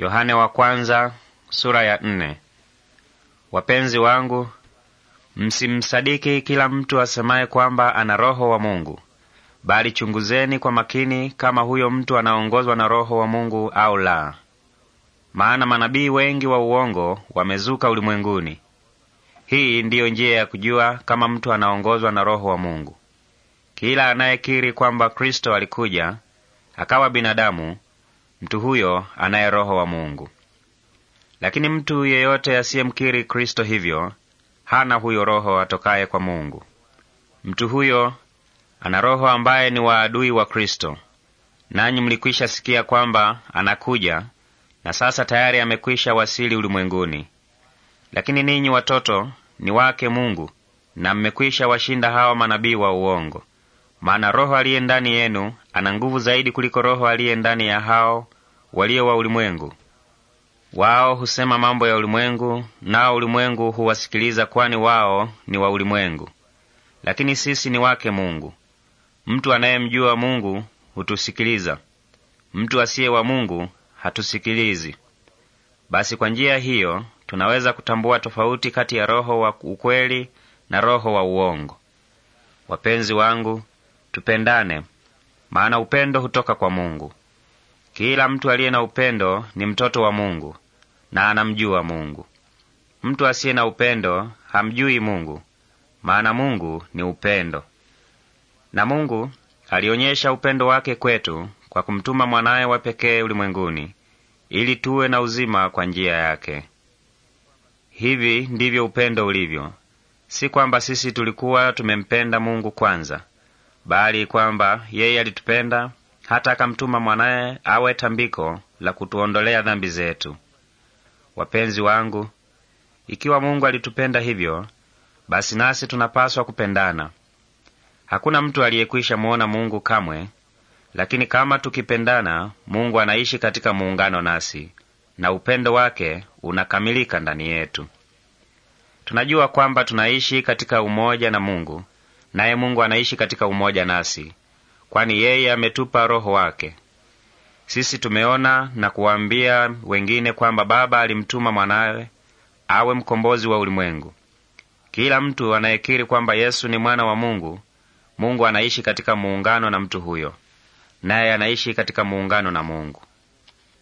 Yohane wa kwanza, sura ya nne. Wapenzi wangu, msimsadiki kila mtu asemaye kwamba ana roho wa Mungu, bali chunguzeni kwa makini kama huyo mtu anaongozwa na roho wa Mungu au la. Maana manabii wengi wa uongo wamezuka ulimwenguni. Hii ndiyo njia ya kujua kama mtu anaongozwa na roho wa Mungu. Kila anayekiri kwamba Kristo alikuja akawa binadamu mtu huyo anaye Roho wa Mungu. Lakini mtu yeyote asiyemkiri Kristo hivyo hana huyo Roho atokaye kwa Mungu. Mtu huyo ana roho ambaye ni waadui wa Kristo. Nanyi mlikwisha sikia kwamba anakuja, na sasa tayari amekwisha wasili ulimwenguni. Lakini ninyi watoto ni wake Mungu, na mmekwisha washinda hawa manabii wa uongo, maana Roho aliye ndani yenu ana nguvu zaidi kuliko roho aliye ndani ya hao walio wa ulimwengu. Wao husema mambo ya ulimwengu, nao ulimwengu huwasikiliza, kwani wao ni wa ulimwengu, lakini sisi ni wake Mungu. Mtu anayemjua Mungu hutusikiliza, mtu asiye wa Mungu hatusikilizi. Basi kwa njia hiyo tunaweza kutambua tofauti kati ya roho wa ukweli na roho wa uongo. Wapenzi wangu, tupendane, maana upendo hutoka kwa Mungu. Kila mtu aliye na upendo ni mtoto wa Mungu na anamjua Mungu. Mtu asiye na upendo hamjui Mungu, maana Mungu ni upendo. Na Mungu alionyesha upendo wake kwetu kwa kumtuma mwanaye wa pekee ulimwenguni ili tuwe na uzima kwa njia yake. Hivi ndivyo upendo ulivyo, si kwamba sisi tulikuwa tumempenda Mungu kwanza, bali kwamba yeye alitupenda hata akamtuma mwanaye awe tambiko la kutuondolea dhambi zetu. Wapenzi wangu, ikiwa Mungu alitupenda hivyo, basi nasi tunapaswa kupendana. Hakuna mtu aliyekwisha mwona Mungu kamwe, lakini kama tukipendana, Mungu anaishi katika muungano nasi na upendo wake unakamilika ndani yetu. Tunajua kwamba tunaishi katika umoja na Mungu naye Mungu anaishi katika umoja nasi, kwani yeye ametupa Roho wake. Sisi tumeona na kuwaambia wengine kwamba Baba alimtuma mwanawe awe mkombozi wa ulimwengu. Kila mtu anayekiri kwamba Yesu ni mwana wa Mungu, Mungu anaishi katika muungano na mtu huyo, naye anaishi katika muungano na Mungu.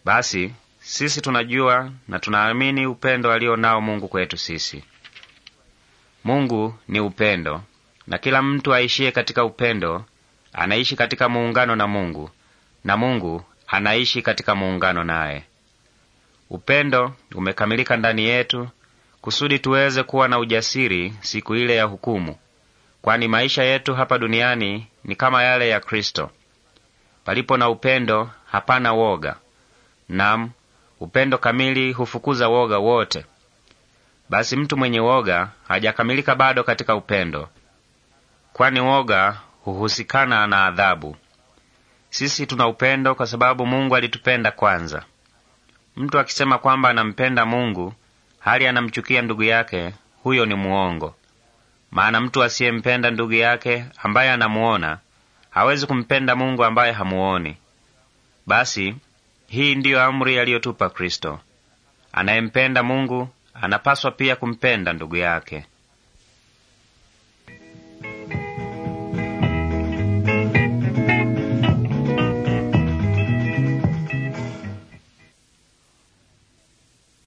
Basi sisi tunajua na tunaamini upendo alio nao Mungu kwetu sisi. Mungu ni upendo, na kila mtu aishiye katika upendo anaishi katika muungano na Mungu na Mungu anaishi katika muungano naye. Upendo umekamilika ndani yetu kusudi tuweze kuwa na ujasiri siku ile ya hukumu, kwani maisha yetu hapa duniani ni kama yale ya Kristo. Palipo na upendo hapana woga. Nam, upendo kamili hufukuza woga wote. Basi mtu mwenye woga hajakamilika bado katika upendo kwani woga huhusikana na adhabu. Sisi tuna upendo kwa sababu Mungu alitupenda kwanza. Mtu akisema kwamba anampenda Mungu hali anamchukia ndugu yake, huyo ni muongo. Maana mtu asiyempenda ndugu yake ambaye anamuona hawezi kumpenda Mungu ambaye hamuoni. Basi hii ndiyo amri aliyotupa Kristo. Anayempenda Mungu anapaswa pia kumpenda ndugu yake.